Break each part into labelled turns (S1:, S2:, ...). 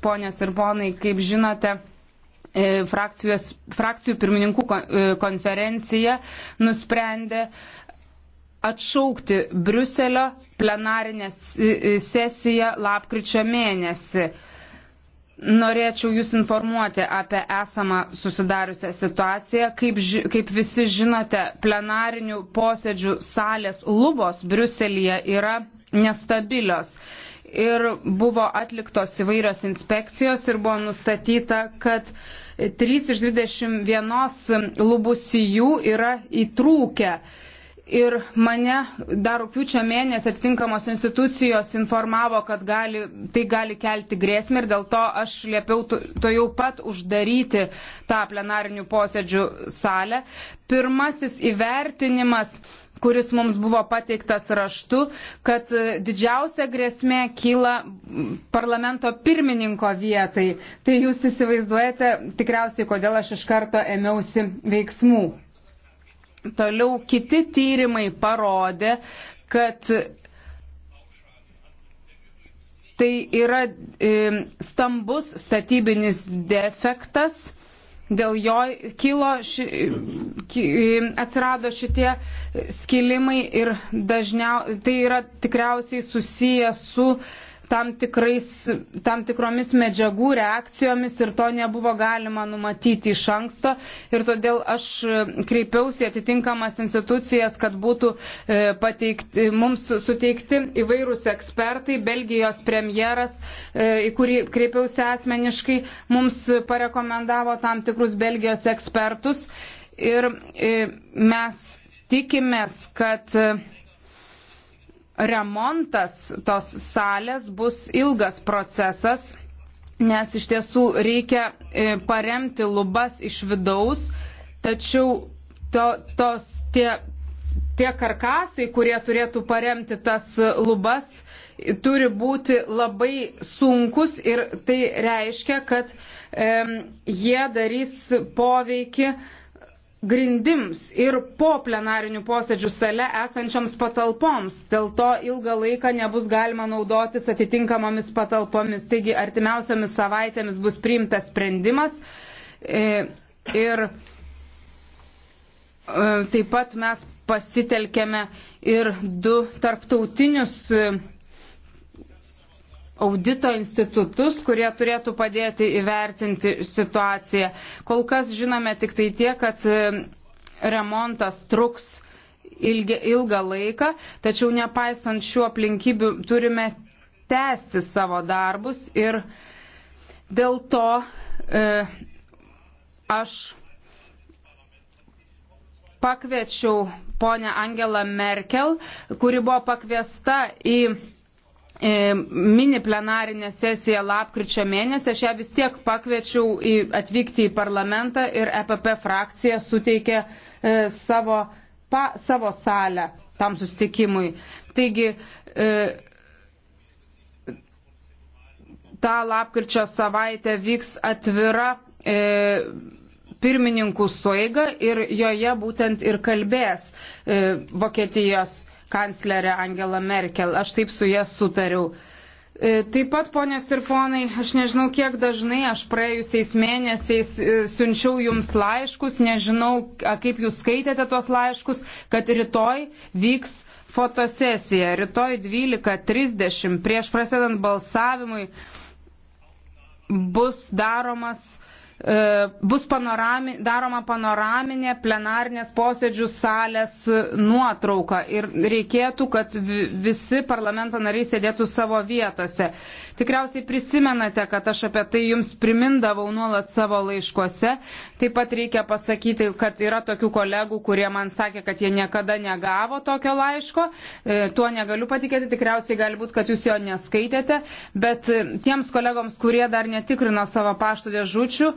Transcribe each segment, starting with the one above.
S1: Ponios ir ponai, kaip žinote, e, frakcijos, frakcijų pirmininkų e, konferencija nusprendė atšaukti Bruselio plenarinę e, sesiją lapkričio mėnesį. Norėčiau Jūs informuoti apie esamą susidariusią situaciją. Kaip, ži, kaip visi žinote, plenarinių posėdžių salės lubos Briuselėje yra nestabilios ir buvo atliktos įvairios inspekcijos ir buvo nustatyta, kad 3 iš 21 lubų sijų yra įtrūkę. Ir mane dar rūpiučio mėnesį atitinkamos institucijos informavo, kad gali, tai gali kelti grėsmę ir dėl to aš liepiau to, to jau pat uždaryti tą plenarinių posėdžių salę. Pirmasis įvertinimas kuris mums buvo pateiktas raštu, kad didžiausia grėsmė kyla parlamento pirmininko vietai. Tai jūs įsivaizduojate tikriausiai, kodėl aš iš karto ėmiausi veiksmų. Toliau kiti tyrimai parodė, kad tai yra e, stambus statybinis defektas, dėl jo kilo, ši, atsirado šitie skilimai ir dažniau, tai yra tikriausiai susiję su tam, tikrais, tam tikromis medžiagų reakcijomis ir to nebuvo galima numatyti iš anksto. Ir todėl aš kreipiausi atitinkamas institucijas, kad būtų e, pateikti, mums suteikti įvairūs ekspertai. Belgijos premjeras, e, į kurį kreipiausi asmeniškai, mums parekomendavo tam tikrus Belgijos ekspertus. Ir e, mes tikimės, kad remontas tos salės bus ilgas procesas, nes iš tiesų reikia e, paremti lubas iš vidaus, tačiau to, tos tie, tie karkasai, kurie turėtų paremti tas lubas, turi būti labai sunkus ir tai reiškia, kad e, jie darys poveikį e, grindims ir po plenarinių posėdžių sale esančioms patalpoms. Dėl to ilgą laiką nebus galima naudotis atitinkamomis patalpomis. Taigi artimiausiomis savaitėmis bus priimtas sprendimas. E, ir e, taip pat mes pasitelkėme ir du tarptautinius e, audito institutus, kurie turėtų padėti įvertinti situaciją. Kol kas žinome tik tai tie, kad e, remontas truks ilgi, ilgą laiką, tačiau nepaisant šių aplinkybių turime tęsti savo darbus ir dėl to e, aš pakviečiau ponę Angelą Merkel, kuri buvo pakviesta į E, mini plenarinę sesiją lapkričio mėnesį, aš ją vis tiek pakviečiau į, atvykti į parlamentą ir EPP frakcija suteikė e, savo, pa, savo salę tam sustikimui. Taigi, e, tą lapkričio savaitę vyks atvira e, pirmininkų suiga ir joje būtent ir kalbės e, Vokietijos kanclerę Angelą Merkel. Aš taip su jie sutariau. E, taip pat, ponios ir ponai, aš nežinau, kiek dažnai aš praėjusiais mėnesiais e, siunčiau jums laiškus, nežinau, kaip jūs skaitėte tos laiškus, kad rytoj vyks fotosesija. Rytoj 12.30 prieš prasidant balsavimui bus daromas E, bus panorami, daroma panoraminė plenarnės posėdžių salės nuotrauka ir reikėtų, kad visi parlamento nariai sėdėtų savo vietose. Tikriausiai prisimenate, kad aš apie tai jums primindavau nuolat savo laiškuose. Taip pat reikia pasakyti, kad yra tokių kolegų, kurie man sakė, kad jie niekada negavo tokio laiško. E, tuo negaliu patikėti, tikriausiai gali būti, kad jūs jo neskaitėte, bet e, tiems kolegoms, kurie dar netikrino savo pašto dėžučių,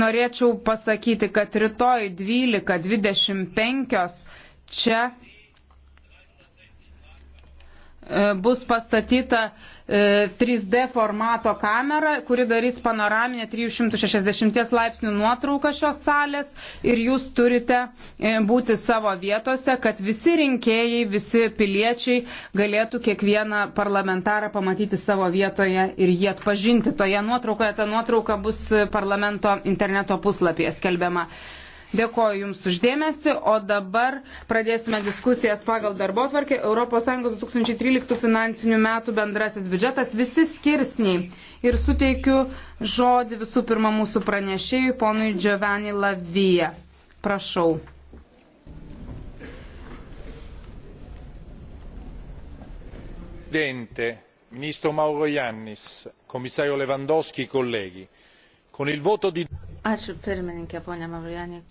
S1: norėčiau pasakyti, kad rytoj 12.25 čia E, bus pastatyta 3D e, formato kamera, kuri darys panoraminę 360 laipsnių nuotrauką šios salės ir jūs turite e, būti savo vietose, kad visi rinkėjai, visi piliečiai galėtų kiekvieną parlamentarą pamatyti savo vietoje ir jį atpažinti. Toje nuotraukoje ta nuotrauka bus parlamento interneto puslapyje skelbiama. Dėkoju Jums uždėmesi, o dabar pradėsime diskusijas pagal darbo tvarkę ES 2013 finansinių metų bendrasis biudžetas, visi skirsniai. Ir suteikiu žodį visų pirma mūsų pranešėjui, ponui Giovanni Lavija. Prašau. Presidente, Ministro Mauro Jannis, Commissario Lewandowski, colleghi, con il voto di... Ačiū pirmininkė, ponė Mavrijanė.